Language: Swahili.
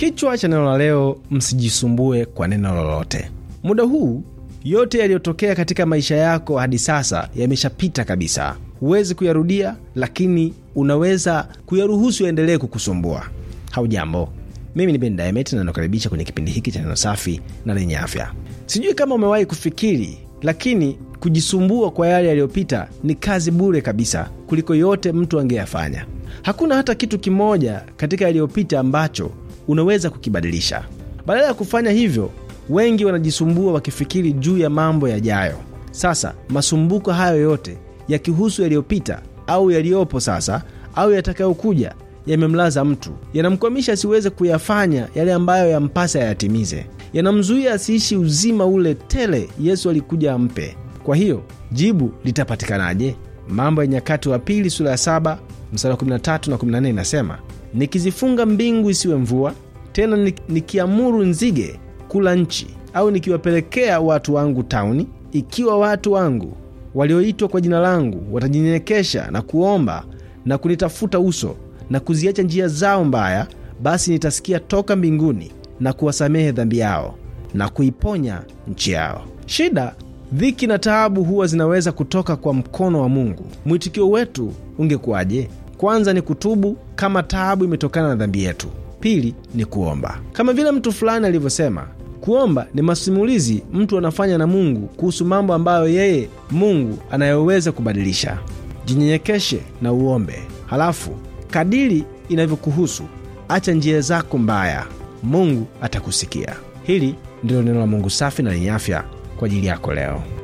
Kichwa cha neno la leo, msijisumbue kwa neno lolote. Muda huu yote yaliyotokea katika maisha yako hadi sasa yameshapita kabisa, huwezi kuyarudia, lakini unaweza kuyaruhusu yaendelee kukusumbua. Haujambo, mimi ni Ben Diamond na nakaribisha kwenye kipindi hiki cha neno safi na lenye afya. Sijui kama umewahi kufikiri, lakini kujisumbua kwa yale yaliyopita ni kazi bure kabisa kuliko yote mtu angeyafanya. Hakuna hata kitu kimoja katika yaliyopita ambacho unaweza kukibadilisha. Badala ya kufanya hivyo, wengi wanajisumbua wakifikiri juu ya mambo yajayo. Sasa masumbuko hayo yote yakihusu yaliyopita au yaliyopo sasa au yatakayokuja yamemlaza mtu, yanamkwamisha asiweze kuyafanya yale ambayo yampasa yayatimize, yanamzuia asiishi uzima ule tele Yesu alikuja ampe. Kwa hiyo jibu litapatikanaje? Mambo ya Nyakati wa Pili sura ya 7 mstari wa 13 na 14 inasema nikizifunga mbingu isiwe mvua tena, nikiamuru nzige kula nchi, au nikiwapelekea watu wangu tauni, ikiwa watu wangu walioitwa kwa jina langu watajinyenyekesha na kuomba na kunitafuta uso na kuziacha njia zao mbaya, basi nitasikia toka mbinguni na kuwasamehe dhambi yao na kuiponya nchi yao. Shida, dhiki na taabu huwa zinaweza kutoka kwa mkono wa Mungu. Mwitikio wetu ungekuwaje? Kwanza ni kutubu kama taabu imetokana na dhambi yetu. Pili ni kuomba, kama vile mtu fulani alivyosema, kuomba ni masimulizi mtu anafanya na Mungu kuhusu mambo ambayo yeye Mungu anayoweza kubadilisha. Jinyenyekeshe na uombe, halafu kadiri inavyokuhusu acha njia zako mbaya, Mungu atakusikia. Hili ndilo neno la Mungu safi na lenye afya kwa ajili yako leo.